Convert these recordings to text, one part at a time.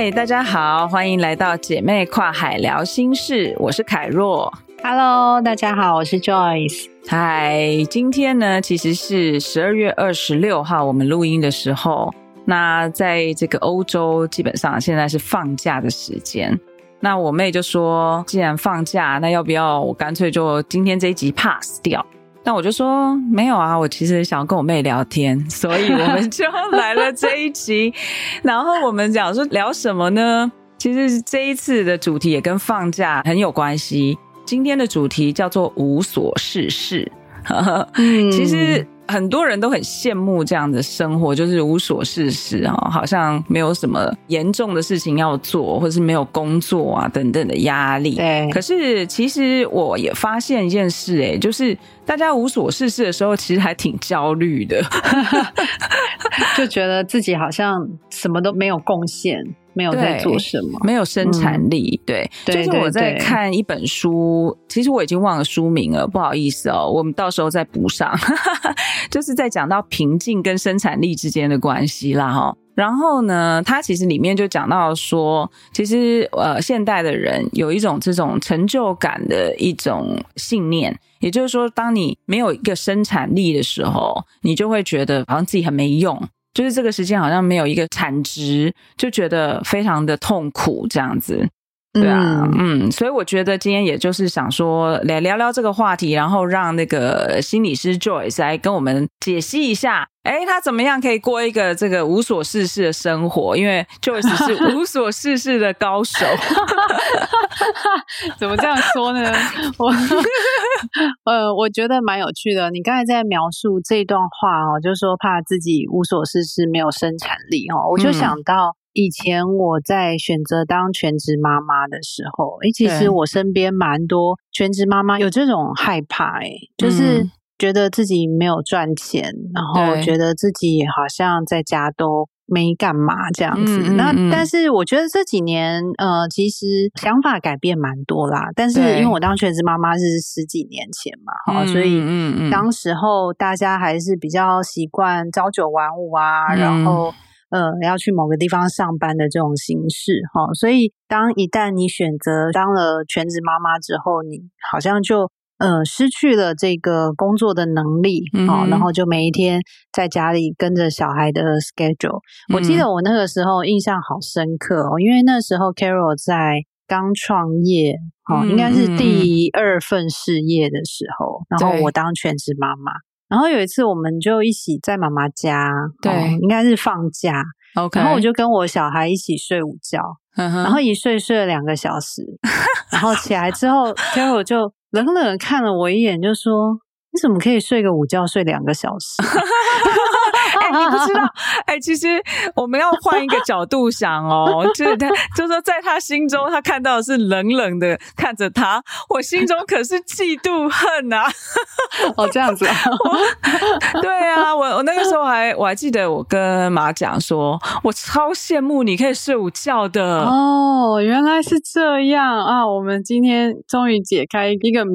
嗨，大家好，歡迎來到姐妹跨海聊心事，我是凱若。Hello，大家好，我是 Joyce。嗨，今天呢，其實是十二月二十六號，我們錄音的時候，那在這個歐洲，基本上現在是放假的時間。那我妹就說，既然放假，那要不要我乾脆就今天這一集 pass 掉？那我就說沒有啊，我其實想要跟我妹聊天，所以我們就來了這一集。 然後我們講說聊什麼呢？其實這一次的主題也跟放假很有關係。今天的主題叫做無所事事，嗯、其實。很多人都很羨慕這樣的生活，就是無所事事，好像沒有什麼嚴重的事情要做，或是沒有工作啊等等的壓力。對可是其實我也發現一件事，哎，就是大家無所事事的時候，其實還挺焦慮的， 就覺得自己好像什麼都沒有貢獻。沒有在做什麼，沒有生產力。嗯、對，就是我在看一本書，對對對，其實我已經忘了書名了，不好意思哦，我們到時候再補上。哈哈哈，就是在講到平靜跟生產力之間的關係啦、哦，哈。然後呢，它其實裡面就講到說，其實呃，現代的人有一種這種成就感的一種信念，也就是說，當你沒有一個生產力的時候，你就會覺得好像自己很沒用。就是這個時間好像沒有一個產值，就覺得非常的痛苦這樣子，對啊，嗯，嗯，所以我覺得今天也就是想說來聊聊這個話題，然後讓那個心理師 Joyce 來跟我們解析一下。誒他怎麼樣可以過一個這個無所事事的生活？因為 Joyce 是無所事事的高手， 怎麼這樣說呢？我 呃，我覺得蠻有趣的。你剛才在描述這段話哦，就是說怕自己無所事事，沒有生產力哦。我就想到以前我在選擇當全職媽媽的時候，誒其實我身邊蠻多全職媽媽有這種害怕，哎，就是。覺得自己沒有賺錢，然後覺得自己好像在家都沒幹嘛這樣子。對那、嗯嗯嗯、但是我覺得這幾年，呃，其實想法改變蠻多啦。但是因為我當全職媽媽是十幾年前嘛，哈、嗯哦，所以當時候大家還是比較習慣朝九晚五啊，嗯、然後呃要去某個地方上班的這種形式，哈、哦。所以當一旦你選擇當了全職媽媽之後，你好像就。呃，失去了這個工作的能力啊、嗯哦，然後就每一天在家裡跟着小孩的 schedule。嗯、我記得我那個時候印象好深刻哦，因為那時候 Carol 在剛創業哦，嗯、應該是第二份事業的時候，嗯、然後我當全職媽媽。對然後有一次，我們就一起在媽媽家，對，哦、應該是放假。OK，然後我就跟我小孩一起睡午覺，呵呵然後一睡睡了兩個小時， 然後起來之後，Carol 就。冷冷看了我一眼，就說：“你怎麼可以睡個午覺睡兩個小時啊？” 哎、你不知道，哎，其實我們要換一個角度想哦，就是他，就說在他心中，他看到的是冷冷的看着他，我心中可是嫉妒恨吶、啊。哦，這樣子、啊，對啊，我我那個時候還我還記得，我跟媽講說，我超羨慕你可以睡午覺的。哦，原來是這樣啊，我們今天終於解開一個謎，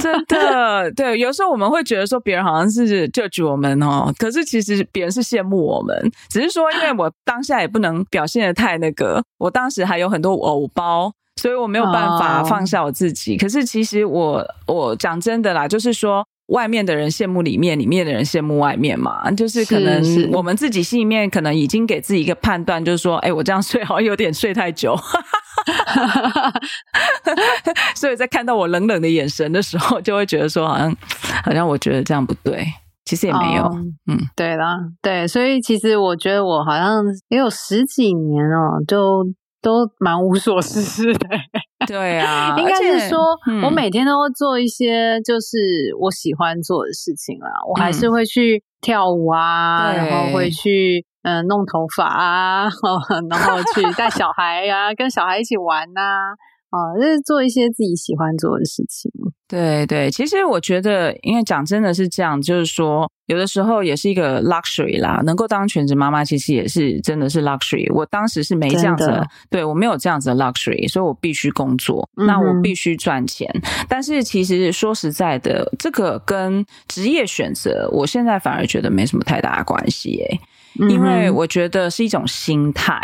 真的。對，有時候我們會覺得說別人好像是 judge 我們哦，可是其實。別人是羨慕我們，只是說，因為我當下也不能表現得太那個，我當時還有很多偶包，所以我沒有辦法放下我自己。Oh. 可是其實我，我講真的啦，就是說，外面的人羨慕裡面，裡面的人羨慕外面嘛，就是可能是我們自己心裡面可能已經給自己一個判斷，就是說，哎，我這樣睡好像有點睡太久， 所以在看到我冷冷的眼神的時候，就會覺得說，好像，好像我覺得這樣不對。其實也沒有，嗯，嗯，對啦，對，所以其實我覺得我好像也有十幾年哦、喔，就都蠻無所事事的，對啊， 應該是說，嗯、我每天都會做一些就是我喜歡做的事情啦。我還是會去跳舞啊，嗯、然後會去嗯、呃、弄頭髮啊，然後去帶小孩啊， 跟小孩一起玩吶、啊。啊、哦，就是做一些自己喜歡做的事情。對對，其實我覺得，因為講真的是這樣，就是說，有的時候也是一個 luxury 啦。能夠當全職媽媽，其實也是真的是 luxury。我當時是沒這樣子的，的對，我沒有這樣子的 luxury，所以我必須工作，嗯、哼那我必須賺錢。但是其實說實在的，這個跟職業選擇，我現在反而覺得沒什麼太大的關係誒，嗯、哼因為我覺得是一種心態。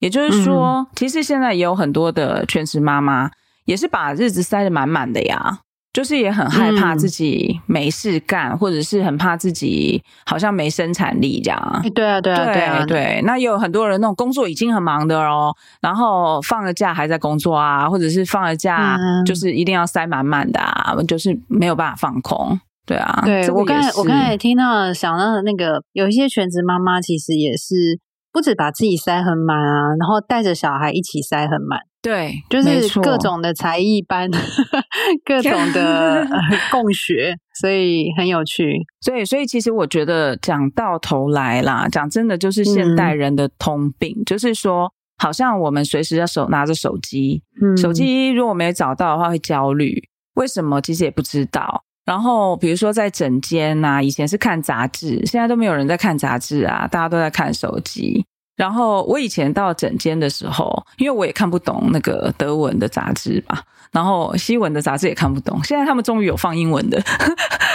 也就是說，嗯嗯，其實現在也有很多的全職媽媽也是把日子塞得滿滿的呀，就是也很害怕自己沒事幹，嗯、或者是很怕自己好像沒生產力這樣。對啊、欸，對啊，對啊，對。那也有很多人那種工作已經很忙的哦，然後放了假還在工作啊，或者是放了假就是一定要塞滿滿的、啊，嗯、就是沒有辦法放空。對啊，對。我剛才我剛才聽到想到的那個有一些全職媽媽其實也是。不只把自己塞很滿啊，然後帶着小孩一起塞很滿，對，就是各種的才藝班，沒錯。各種的共學， 所以很有趣。所以，所以其實我覺得講到頭來啦，講真的就是現代人的通病，嗯、就是說好像我們隨時要手拿着手機，嗯、手機如果沒有找到的話會焦慮，為什麼？其實也不知道。然後，比如說在診間吶、啊，以前是看雜誌，現在都沒有人在看雜誌啊，大家都在看手機。然後我以前到診間的時候，因為我也看不懂那個德文的雜誌吧，然後西文的雜誌也看不懂。現在他們終於有放英文的，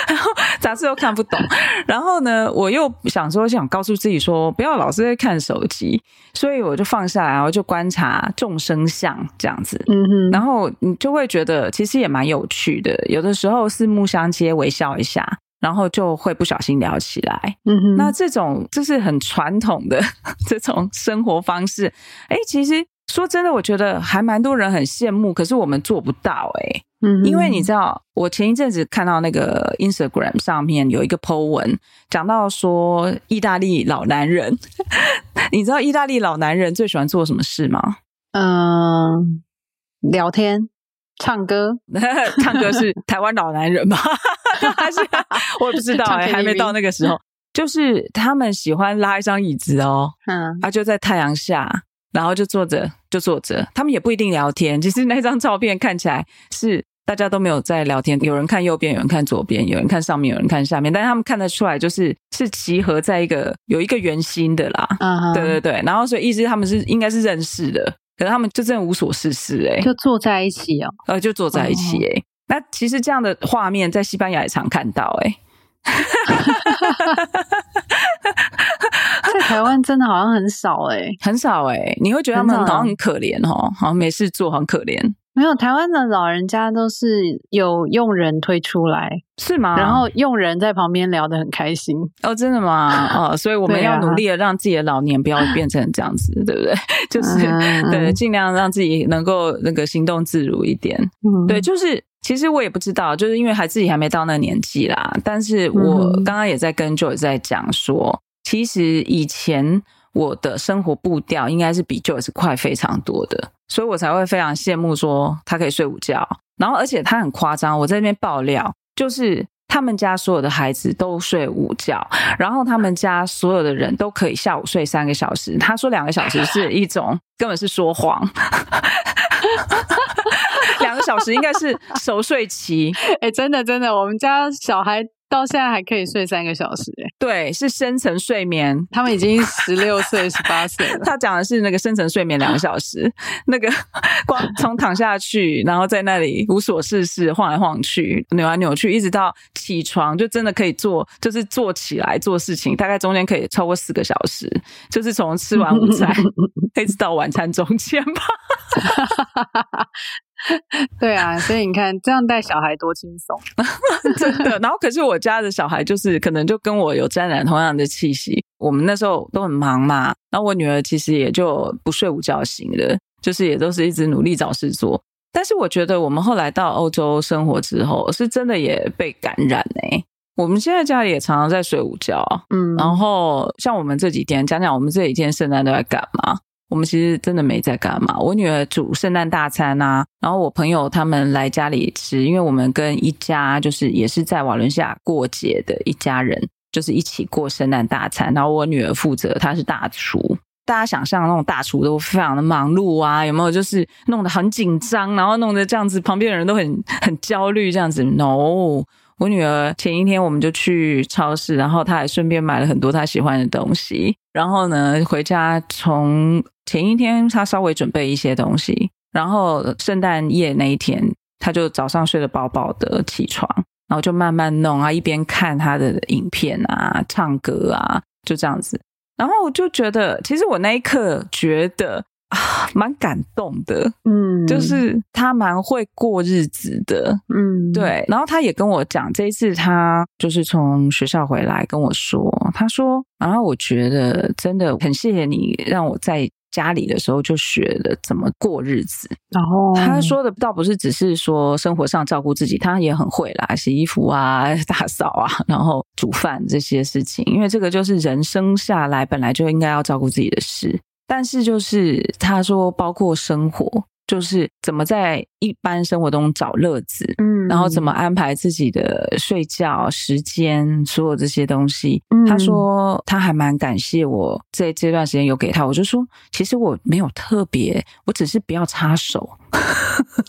然後雜誌又看不懂。然後呢，我又想說想告訴自己說，不要老是在看手機，所以我就放下來，然後就觀察眾生相這樣子。嗯哼然後你就會覺得其實也蠻有趣的，有的時候四目相接，微笑一下。然後就會不小心聊起來，嗯、哼那這種就是很傳統的這種生活方式。哎，其實說真的，我覺得還蠻多人很羨慕，可是我們做不到哎、欸。嗯哼，因為你知道，我前一陣子看到那個 Instagram 上面有一個 PO 文，講到說意大利老男人， 你知道意大利老男人最喜歡做什麼事嗎？嗯，聊天。唱歌， 唱歌是台灣老男人吧。 還是我也不知道、欸， 還沒到那個時候。就是他們喜歡拉一張椅子哦，嗯，他、啊、就在太陽下，然後就坐着，就坐着。他們也不一定聊天，其實那張照片看起來是大家都沒有在聊天，有人看右邊，有人看左邊，有人看上面，有人看下面。但是他們看得出來，就是是集合在一個有一個圓心的啦。嗯哼，對對對。然後所以意思他們是應該是認識的。可是他們就真的無所事事哎、欸，就坐在一起哦、喔，呃，就坐在一起哎、欸。Oh. 那其實這樣的畫面在西班牙也常看到哎、欸， 在台灣真的好像很少哎、欸，很少哎、欸。你會覺得他們好像很可憐哦，好像沒事做，很可憐。沒有台灣的老人家都是有傭人推出來，是嗎？然後傭人在旁邊聊得很開心。哦，真的嗎？哦，所以我們要努力的讓自己的老年不要變成這樣子， 對不對？就是、嗯、對，盡量讓自己能夠那個行動自如一點。嗯、對，就是其實我也不知道，就是因為還自己還沒到那個年紀啦。但是我剛剛也在跟 Joyce 在講說，其實以前。我的生活步調應該是比 Joyce 快，非常多的，所以我才會非常羨慕說他可以睡午覺。然後，而且他很誇張，我在那邊爆料就是他們家所有的孩子都睡午覺，然後他們家所有的人都可以下午睡三個小時。他說兩個小時是一種， 根本是說謊。 兩個小時應該是熟睡期。哎、欸，真的真的，我們家小孩。到現在還可以睡三個小時欸，對，是深層睡眠。他們已經十六歲、十八歲了。 他講的是那個深層睡眠兩個小時， 那個光從躺下去，然後在那裡無所事事晃來晃去、扭來扭去，一直到起床，就真的可以做，就是坐起來做事情，大概中間可以超過四個小時，就是從吃完午餐一 直到晚餐中間吧。 對啊，所以你看，這樣帶小孩多輕鬆， 真的。然後，可是我家的小孩就是可能就跟我有沾染同樣的氣息。我們那時候都很忙嘛，然後我女兒其實也就不睡午覺型的，就是也都是一直努力找事做。但是我覺得我們後來到歐洲生活之後，是真的也被感染哎、欸。我們現在家裡也常常在睡午覺啊，嗯。然後，像我們這幾天，講講我們這幾天聖誕都在幹嘛。我們其實真的沒在幹嘛。我女兒煮聖誕大餐吶啊，然後我朋友他們來家裡吃，因為我們跟一家就是也是在瓦倫西亞過節的一家人，就是一起過聖誕大餐。然後我女兒負責，她是大廚。大家想象那種大廚都非常的忙碌啊，有沒有？就是弄得很緊張，然後弄得這樣子，旁邊的人都很很焦慮這樣子。No。我女兒前一天我們就去超市，然後她還順便買了很多她喜歡的東西。然後呢，回家從前一天她稍微準備一些東西，然後聖誕夜那一天，她就早上睡得飽飽的起床，然後就慢慢弄啊，一邊看她的影片啊，唱歌啊，就這樣子。然後我就覺得，其實我那一刻覺得。啊，蠻感動的，嗯，就是他蠻會過日子的，嗯，對。然後他也跟我講，這一次他就是從學校回來跟我說，他說啊，然後我覺得真的很謝謝你，讓我在家裡的時候就學了怎麼過日子。然後、哦、他說的倒不是只是說生活上照顧自己，他也很會啦，洗衣服啊、打掃啊，然後煮飯這些事情，因為這個就是人生下來本來就應該要照顧自己的事。但是就是他說，包括生活，就是怎麼在一般生活中找樂子，嗯，然後怎麼安排自己的睡覺時間，所有這些東西，嗯，他說他還蠻感謝我在這，這段時間有給他。我就說，其實我沒有特別，我只是不要插手。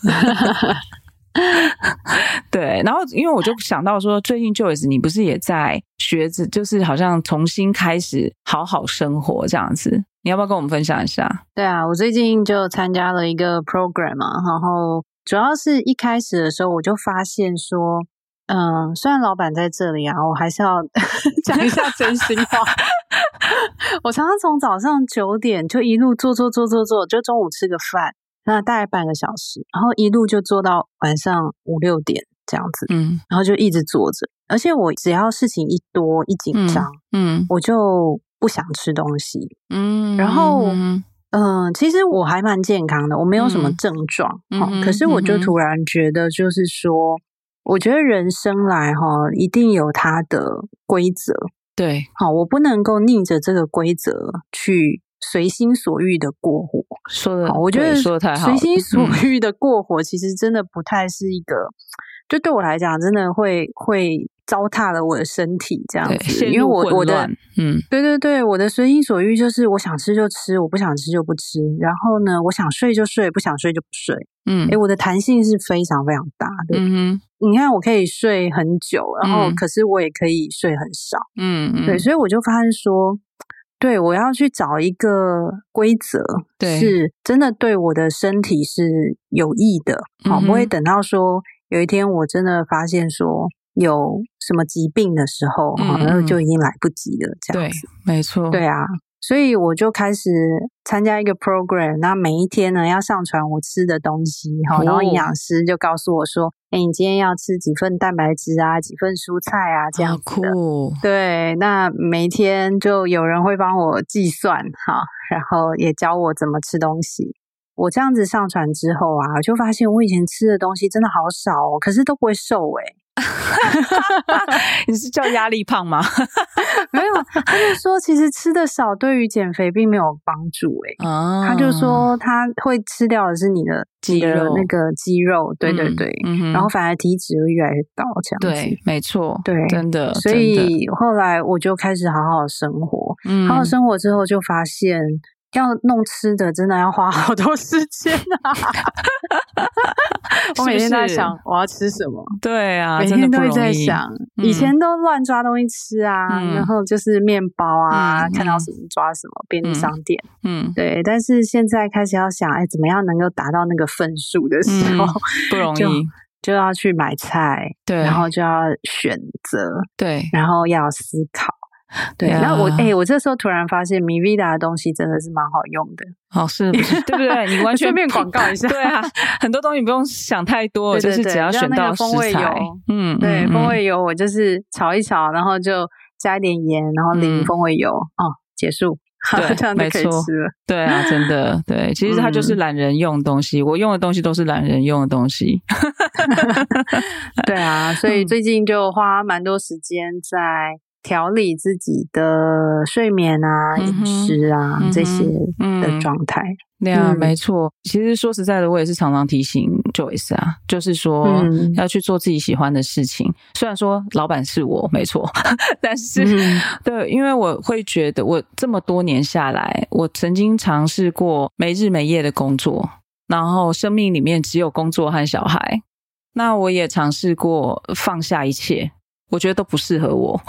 對，然後因為我就想到說，最近 Joyce 你不是也在學着，就是好像重新開始好好生活這樣子，你要不要跟我們分享一下？對啊，我最近就參加了一個 program 嘛、啊，然後主要是一開始的時候我就發現說，嗯、呃，雖然老闆在這裡啊，我還是要講一下真心話。 我常常從早上九點就一路做做做做做，就中午吃個飯。那大概半個小時，然後一路就坐到晚上五六點這樣子，嗯，然後就一直坐着。而且我只要事情一多一緊張，嗯，嗯我就不想吃東西，嗯，然後嗯、呃，其實我還蠻健康的，我沒有什麼症狀，可是我就突然覺得，就是說，嗯嗯、我覺得人生來哈、哦，一定有它的規則，對，好，我不能夠逆着這個規則去隨心所欲的過活。說得好，我覺得說得太好，隨心所欲的過活。其實真的不太是一個，嗯、就對我來講，真的會會糟蹋了我的身體這樣子。因為我我的，嗯，對對對，我的隨心所欲就是我想吃就吃，我不想吃就不吃。然後呢，我想睡就睡，不想睡就不睡。嗯，哎、欸，我的彈性是非常非常大的。對。嗯哼，你看我可以睡很久，然後可是我也可以睡很少。嗯嗯，對，所以我就發現說。對，我要去找一個規則，對是真的對我的身體是有益的，好、嗯、哼不會等到說有一天我真的發現說有什麼疾病的時候，嗯、然後就已經來不及了。這樣子，沒錯，對啊。所以我就開始參加一個 program，那每一天呢，要上傳我吃的東西，哈，然後營養師就告訴我說，誒，嗯，欸，你今天要吃幾份蛋白質啊，幾份蔬菜啊，這樣子。好酷。對，那每一天就有人會幫我計算哈，然後也教我怎麼吃東西。我這樣子上傳之後啊，就發現我以前吃的東西真的好少哦，可是都不會瘦誒，欸。 你是叫壓力胖嗎？ 沒有，他就說其實吃的少對於減肥並沒有幫助哎，啊、哦，他就說他會吃掉的是你的，肌肉，你的那個肌肉，對對對，嗯嗯，然後反而體脂就越來越高，這樣子對，沒錯，對，真的，所以後來我就開始好好生活，嗯，好好生活之後就發現。要弄吃的，真的要花好多時間啊！ 我每天都在想我要吃什麼，對啊，每天都在想。以前都亂抓東西吃啊，嗯、然後就是麵包啊，嗯、看到什麼抓什麼，便利商店，嗯，對。但是現在開始要想，哎，怎麼樣能夠達到那個分數的時候，嗯、不容易，就，就要去買菜，對，然後就要選擇，對，然後要思考。對啊，然後我哎，我這時候突然發現米維達的東西真的是蠻好用的，哦是，對不對？你完全變廣告一下，對啊，很多東西不用想太多，就是只要選到風味油，嗯，對，風味油我就是炒一炒，然後就加一點鹽，然後淋風味油，哦，結束，對，這樣就可以吃了，沒錯，對啊，真的，對，其實它就是懶人用的東西，我用的東西都是懶人用的東西，對啊，所以最近就花蠻多時間在。調理自己的睡眠啊、飲、嗯、哼食啊、嗯、哼這些的狀態，對啊，嗯、沒錯。其實說實在的，我也是常常提醒 Joyce 啊，就是說要去做自己喜歡的事情。嗯、雖然說老闆是我，沒錯，但是、嗯、哼對，因為我會覺得，我這麼多年下來，我曾經嘗試過沒日沒夜的工作，然後生命裡面只有工作和小孩。那我也嘗試過放下一切。我覺得都不適合我，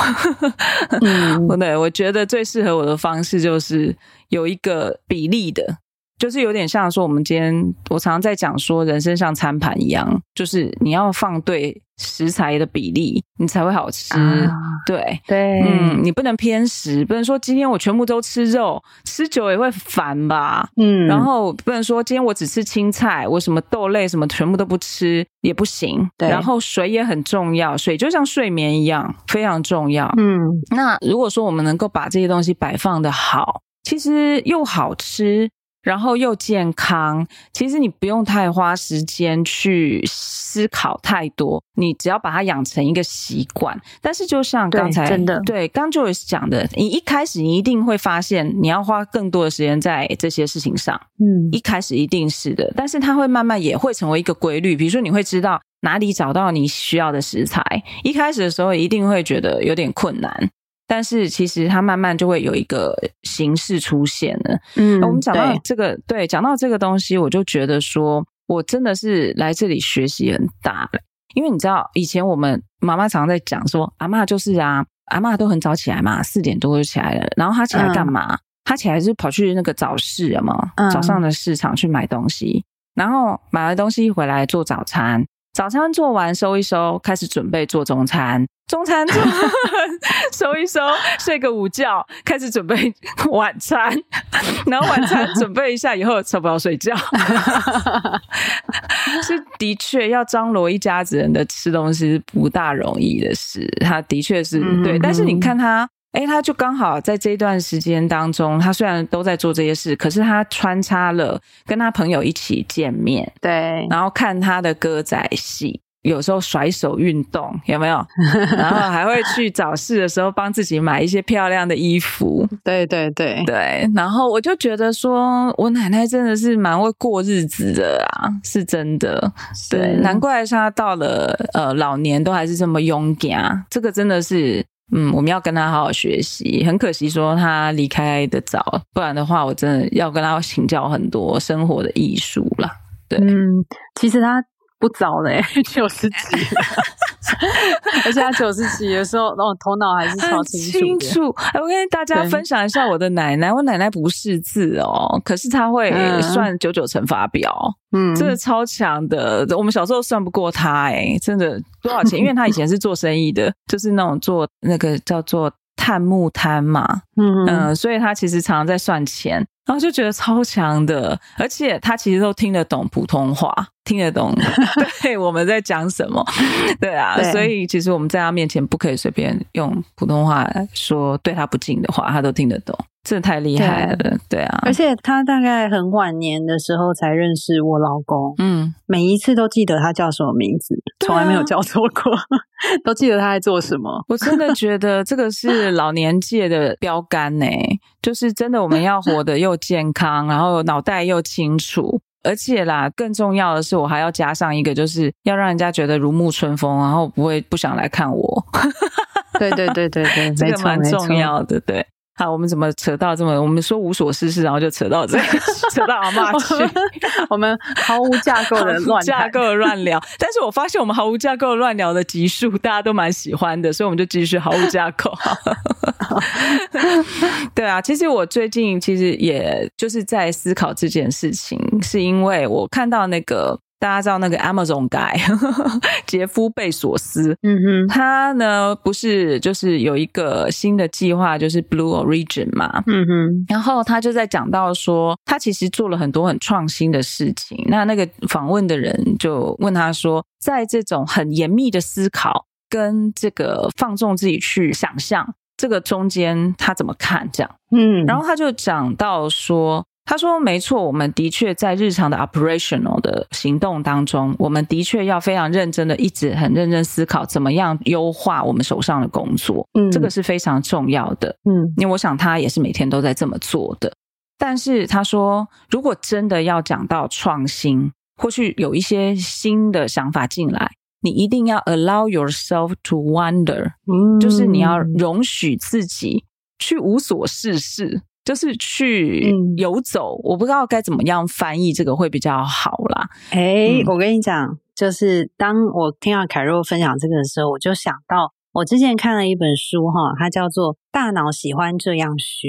嗯，不 對，我覺得最適合我的方式就是有一個比例的，就是有點像說我們今天我常常在講說，人生像餐盤一樣，就是你要放對。食材的比例，你才會好吃。對、啊、對，對，嗯，你不能偏食，不能說今天我全部都吃肉，吃久也會煩吧？嗯，然後不能說今天我只吃青菜，我什麼豆類什麼全部都不吃也不行。對，然後水也很重要，水就像睡眠一樣非常重要。嗯，那如果說我們能夠把這些東西擺放的好，其實又好吃。然後又健康，其實你不用太花時間去思考太多，你只要把它養成一個習慣。但是就像剛才對，真的，對剛就有講的，你一開始你一定會發現你要花更多的時間在這些事情上，嗯，一開始一定是的，但是它會慢慢也會成為一個規律。比如說你會知道哪裡找到你需要的食材，一開始的時候一定會覺得有點困難。但是其實它慢慢就會有一個形式出現了。嗯，我們講到這個，對，講到這個東西，我就覺得說我真的是來這裡學習很大了。因為你知道，以前我們媽媽常在講說，阿嬤就是啊，阿嬤都很早起來嘛，四點多就起來了。然後她起來幹嘛？嗯、她起來是跑去那個早市了嘛，早上的市場去買東西。然後買了東西回來做早餐。早餐做完收一收，開始準備做中餐。中餐做完 收一收，睡個午覺，開始準備晚餐。然後晚餐準備一下以後，差不多睡覺。 是的確要張羅一家子人的吃東西是不大容易的事，他的確是嗯嗯對。但是你看他哎、欸，他就剛好在這一段時間當中，他雖然都在做這些事，可是他穿插了跟他朋友一起見面，對，然後看他的歌仔戲，有時候甩手運動有沒有？ 然後還會去早市的時候幫自己買一些漂亮的衣服，對對對對。然後我就覺得說，我奶奶真的是蠻會過日子的啊，是真的。對，難怪像她到了呃老年都還是這麼勇敢啊，這個真的是。嗯，我們要跟他好好學習。很可惜，說他離開得早，不然的話，我真的要跟他請教很多生活的藝術了。對，嗯，其實他。不早了欸，九十幾了， 而且他九十幾的時候，然後頭腦還是超清楚。哎，我跟大家分享一下我的奶奶。對我奶奶不識字哦，可是他會算九九乘法表，嗯，真的超強的。我們小時候算不過他哎、欸，真的多少錢？因為他以前是做生意的， 就是那種做那個叫做探木攤嘛，嗯哼嗯，所以他其實常常在算錢。然後就覺得超強的，而且他其實都聽得懂普通話，聽得懂對 我們在講什麼，對啊，對所以其實我們在他面前不可以隨便用普通話說對他不敬的話，他都聽得懂，真的太厲害了，對，對啊。而且他大概很晚年的時候才認識我老公，嗯，每一次都記得他叫什麼名字，啊、從來沒有叫錯過，都記得他在做什麼。我真的覺得這個是老年界的標杆呢、欸。 就是真的，我們要活得又健康，嗯、然後腦袋又清楚，而且啦，更重要的是，我還要加上一個，就是要讓人家覺得如沐春風，然後不會不想來看我。對對對對對， 這個蠻重要的。沒錯對，好，我們怎麼扯到這麼？我們說無所事事，然後就扯到這個，對扯到阿嬤去我。我們毫無架構的亂架構的亂聊，但是我發現我們毫無架構的亂聊的集數，大家都蠻喜歡的，所以我們就繼續毫無架構。 對啊，其實我最近其實也就是在思考這件事情，是因為我看到那個，大家知道那個 Amazon guy 傑夫貝索斯，嗯嗯，他呢不是就是有一個新的計劃，就是 Blue Origin 嘛，嗯嗯，然後他就在講到說，他其實做了很多很創新的事情。那那個訪問的人就問他說，在這種很嚴密的思考跟這個放縱自己去想象。這個中間他怎麼看這樣？嗯，然後他就講到說，他說沒錯，我們的確在日常的 operational 的行動當中，我們的確要非常認真的，一直很認真思考怎麼樣優化我們手上的工作。嗯，這個是非常重要的。嗯，因為我想他也是每天都在這麼做的。但是他說，如果真的要講到創新，或許有一些新的想法進來。你一定要 allow yourself to wander，嗯，就是你要容許自己去無所事事，就是去遊走。嗯，我不知道該怎麼樣翻譯這個會比較好啦。誒，欸，嗯，我跟你講，就是當我聽到凱若分享這個的時候，我就想到。我之前看了一本書哈，它叫做《大腦喜歡這樣學》，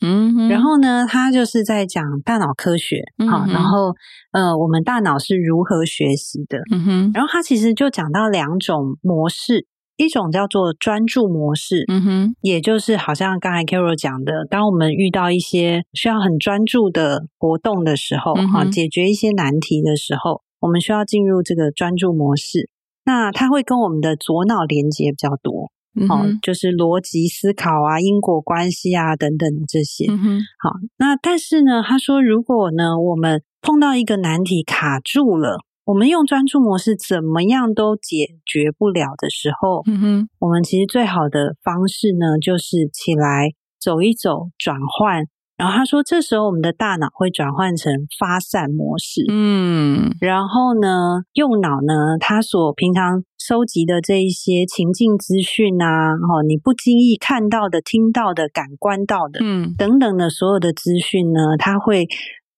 嗯哼，然後呢，它就是在講大腦科學啊，嗯哼，然後呃，我們大腦是如何學習的，嗯哼，然後它其實就講到兩種模式，一種叫做專注模式，嗯哼，也就是好像剛才 Carol 講的，當我們遇到一些需要很專注的活動的時候，嗯哼，解決一些難題的時候，我們需要進入這個專注模式。那他會跟我們的左腦連接比較多，嗯哼，哦，就是邏輯思考啊、因果關係啊等等這些。嗯哼，好，那但是呢，他說，如果呢我們碰到一個難題卡住了，我們用專注模式怎麼樣都解決不了的時候，嗯哼，我們其實最好的方式呢，就是起來走一走，轉換。然後他說，這時候我們的大腦會轉換成發散模式，嗯，然後呢，右腦呢，它所平常收集的這一些情境資訊啊，哈、哦，你不經意看到的、聽到的、感官到的，嗯，等等的所有的資訊呢，它會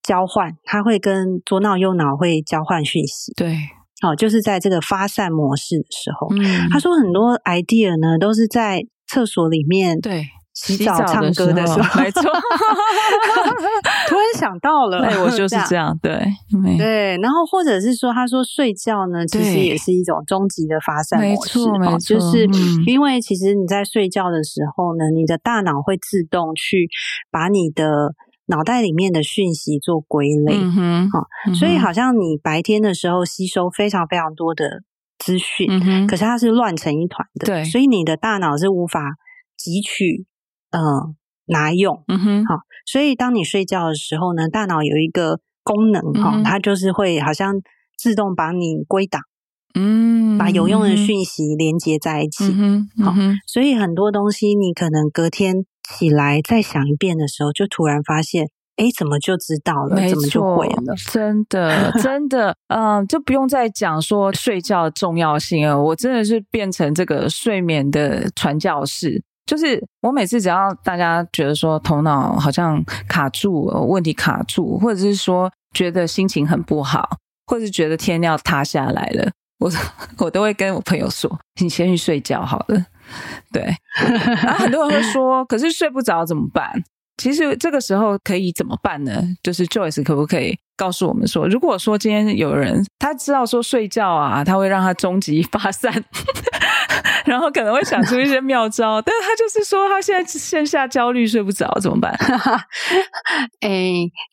交換，它會跟左腦、右腦會交換訊息，對，哦，就是在這個發散模式的時候，嗯，他說很多 idea 呢都是在廁所裡面，對。洗澡唱歌的時候，沒錯，突然想到了，哎，我就是這樣，對對。然後或者是說，他說睡覺呢，其實也是一種終極的發散模式，沒錯，就是因為其實你在睡覺的時候呢，你的大腦會自動去把你的腦袋裡面的訊息做歸類，啊，所以好像你白天的時候吸收非常非常多的資訊，可是它是亂成一團的，對，所以你的大腦是無法汲取。嗯，拿用，嗯哼，好，所以當你睡覺的時候呢，大腦有一個功能，哈、嗯哼，它就是會好像自動把你歸檔，嗯哼，把有用的訊息連接在一起，嗯、哼好，所以很多東西你可能隔天起來再想一遍的時候，就突然發現，哎、欸，怎麼就知道了？錯怎麼就會了？真的，真的， 嗯，就不用再講說睡覺的重要性了。我真的是變成這個睡眠的傳教士。就是我每次只要大家覺得說頭腦好像卡住了，問題卡住，或者是說覺得心情很不好，或者是覺得天要塌下來了，我我都會跟我朋友說：“你先去睡覺好了。”對，然後很多人會說：“可是睡不着怎麼辦？”其實這個時候可以怎麼辦呢？就是 Joyce 可不可以告訴我們說，如果說今天有人他知道說睡覺啊，他會讓他終極發散。 然後可能會想出一些妙招， 但是他就是說他現在線下焦慮睡不着，怎麼辦？誒、 哎、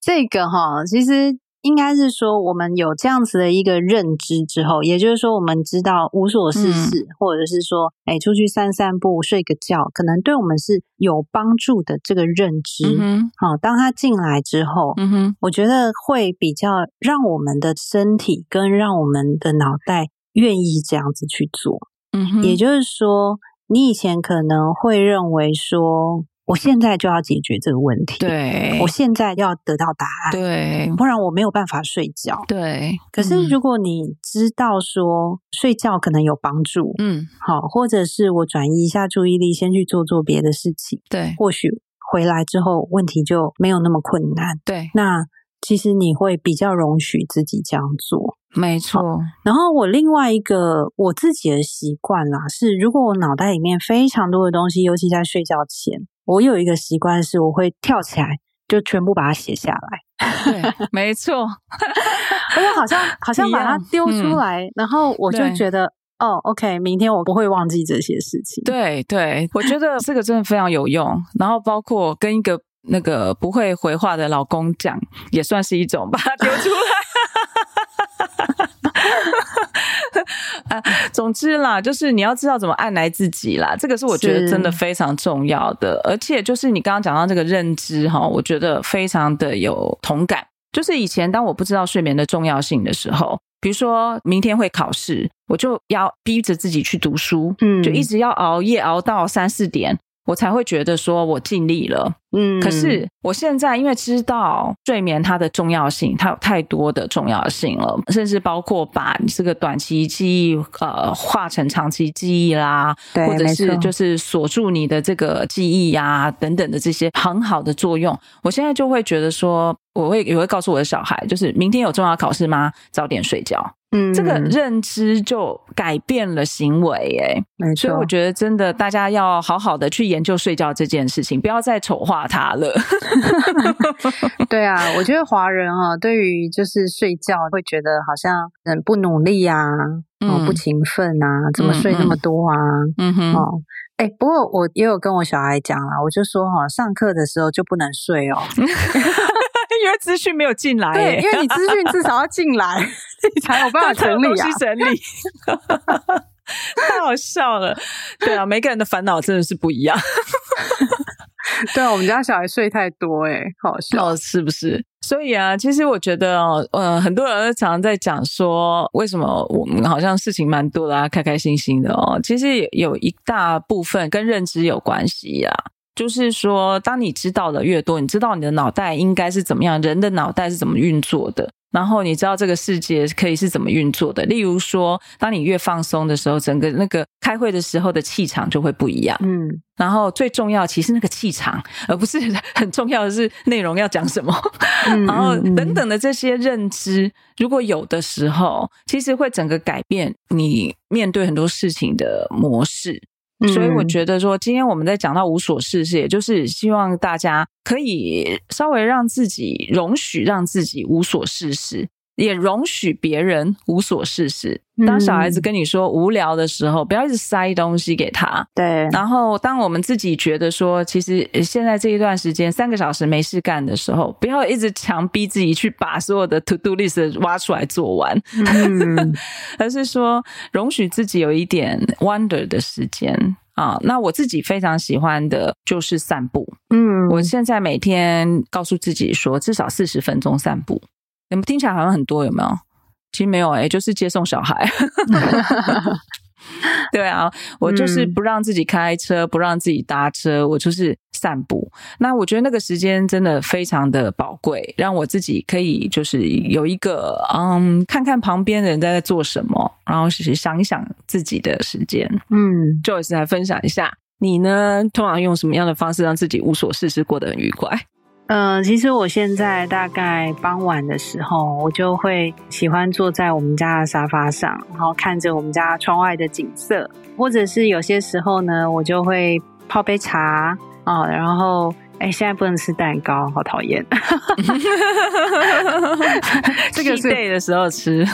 這個哈、哦，其實應該是說我們有這樣子的一個認知之後，也就是說我們知道無所事事，嗯、或者是說哎出去散散步、睡個覺，可能對我們是有幫助的。這個認知，好、嗯哼哦，當他進來之後，嗯、哼我覺得會比較讓我們的身體跟讓我們的腦袋願意這樣子去做。嗯哼，也就是說，你以前可能會認為說，我現在就要解決這個問題，對，我現在要得到答案，對，不然我沒有辦法睡覺，對。可是如果你知道說睡覺可能有幫助，嗯，好，或者是我轉移一下注意力，先去做做別的事情，對，或許回來之後問題就沒有那麼困難，對。那其實你會比較容許自己這樣做。沒錯，然後我另外一個我自己的習慣啦、啊，是如果我腦袋裡面非常多的東西，尤其在睡覺前，我有一個習慣是，我會跳起來就全部把它寫下來。 對，沒錯，我就 好像好像把它丟出來，樣然後我就覺得，嗯、哦，OK，明天我不會忘記這些事情。對對，我覺得這個真的非常有用。 然後包括跟一個那個不會回話的老公講，也算是一種把它丟出來。 總之啦，就是你要知道怎麼按來自己啦，這個是我覺得真的非常重要的。是而且就是你剛剛講到這個認知哈，我覺得非常的有同感。就是以前當我不知道睡眠的重要性的時候，比如說明天會考試，我就要逼着自己去讀書，嗯、就一直要熬夜熬到三四點，我才會覺得說我盡力了。嗯，可是。我現在因為知道睡眠它的重要性，它有太多的重要性了，甚至包括把這個短期記憶呃化成長期記憶啦，對，或者是就是鎖住你的這個記憶呀、啊、等等的這些很好的作用。我現在就會覺得說，我會也會告訴我的小孩，就是明天有重要考試嗎？早點睡覺。嗯，這個認知就改變了行為耶、欸。沒錯。所以我覺得真的大家要好好的去研究睡覺這件事情，不要再醜化它了。 對啊，我覺得華人啊、哦，對於就是睡覺會覺得好像嗯不努力啊，嗯、哦、不勤奮啊，怎麼睡那麼多啊？嗯哼、嗯，哎、哦，不過我也有跟我小孩講啊，我就說哈、啊，上課的時候就不能睡哦， 因為資訊沒有進來， 對，因為你資訊至少要進來，你才 有辦法整理啊，整理。太好笑了，對啊，每個人的煩惱真的是不一樣。 對、啊、我們家小孩睡太多哎、欸，好，好笑、哦，是不是？所以啊，其實我覺得哦，嗯、呃，很多人常常在講說，為什麼我們好像事情蠻多的啊，開開心心的哦。其實有一大部分跟認知有關係呀、啊，就是說，當你知道的越多，你知道你的腦袋應該是怎麼樣，人的腦袋是怎麼運作的。然後你知道這個世界可以是怎麼運作的。例如說，當你越放鬆的時候，整個那個開會的時候的氣場就會不一樣。嗯，然後最重要其實那個氣場，而不是很重要的是內容要講什麼，嗯嗯嗯。然後等等的這些認知，如果有的時候，其實會整個改變你面對很多事情的模式。 所以我覺得說，今天我們在講到無所事事，也就是希望大家可以稍微讓自己容許，讓自己無所事事。也容許別人無所事事。當小孩子跟你說無聊的時候，嗯、不要一直塞東西給他。對。然後，當我們自己覺得說，其實現在這一段時間三個小時沒事幹的時候，不要一直強逼自己去把所有的 to do list 挖出來做完，嗯、 而是說容許自己有一點 wander 的時間啊。那我自己非常喜歡的就是散步。嗯，我現在每天告訴自己說，至少四十分鐘散步。你們聽起來好像很多，有沒有？其實沒有，誒、欸、就是接送小孩。 對啊，我就是不讓自己開車，嗯、不讓自己搭車，我就是散步。那我覺得那個時間真的非常的寶貴，讓我自己可以就是有一個嗯，看看旁邊的人在做什麼，然後其實想一想自己的時間。嗯，Joyce，來分享一下，你呢，通常用什麼樣的方式讓自己無所事事過得很愉快？嗯，其實我現在大概傍晚的時候，我就會喜歡坐在我們家的沙發上，然後看着我們家窗外的景色，或者是有些時候呢，我就會泡杯茶啊、哦，然後。哎、欸，現在不能吃蛋糕，好討厭！這個是 day 的時候吃。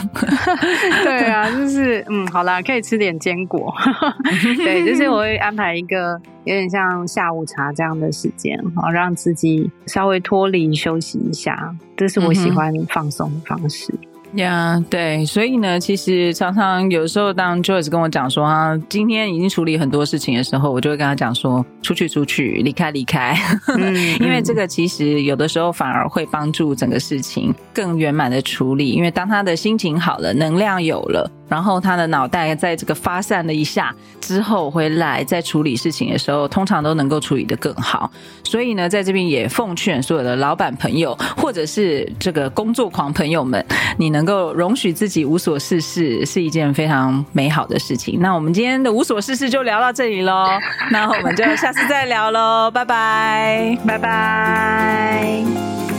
對啊，就是嗯，好啦，可以吃點堅果。 對，就是我會安排一個有點像下午茶這樣的時間，然後讓自己稍微脫離休息一下，這是我喜歡放鬆的方式。嗯呀，yeah, 對，所以呢，其實常常有時候，當 Joyce 跟我講說啊，今天已經處理很多事情的時候，我就會跟他講說，出去出去，離開離開， 因為這個其實有的時候反而會幫助整個事情更圓滿的處理，因為當他的心情好了，能量有了。然後他的腦袋在這個發散了一下之後回來，在處理事情的時候，通常都能夠處理得更好。所以呢，在這邊也奉勸所有的老闆朋友，或者是這個工作狂朋友們，你能夠容許自己無所事事，是一件非常美好的事情。那我們今天的無所事事就聊到這裡嘍，那我們就下次再聊嘍，拜拜，拜拜。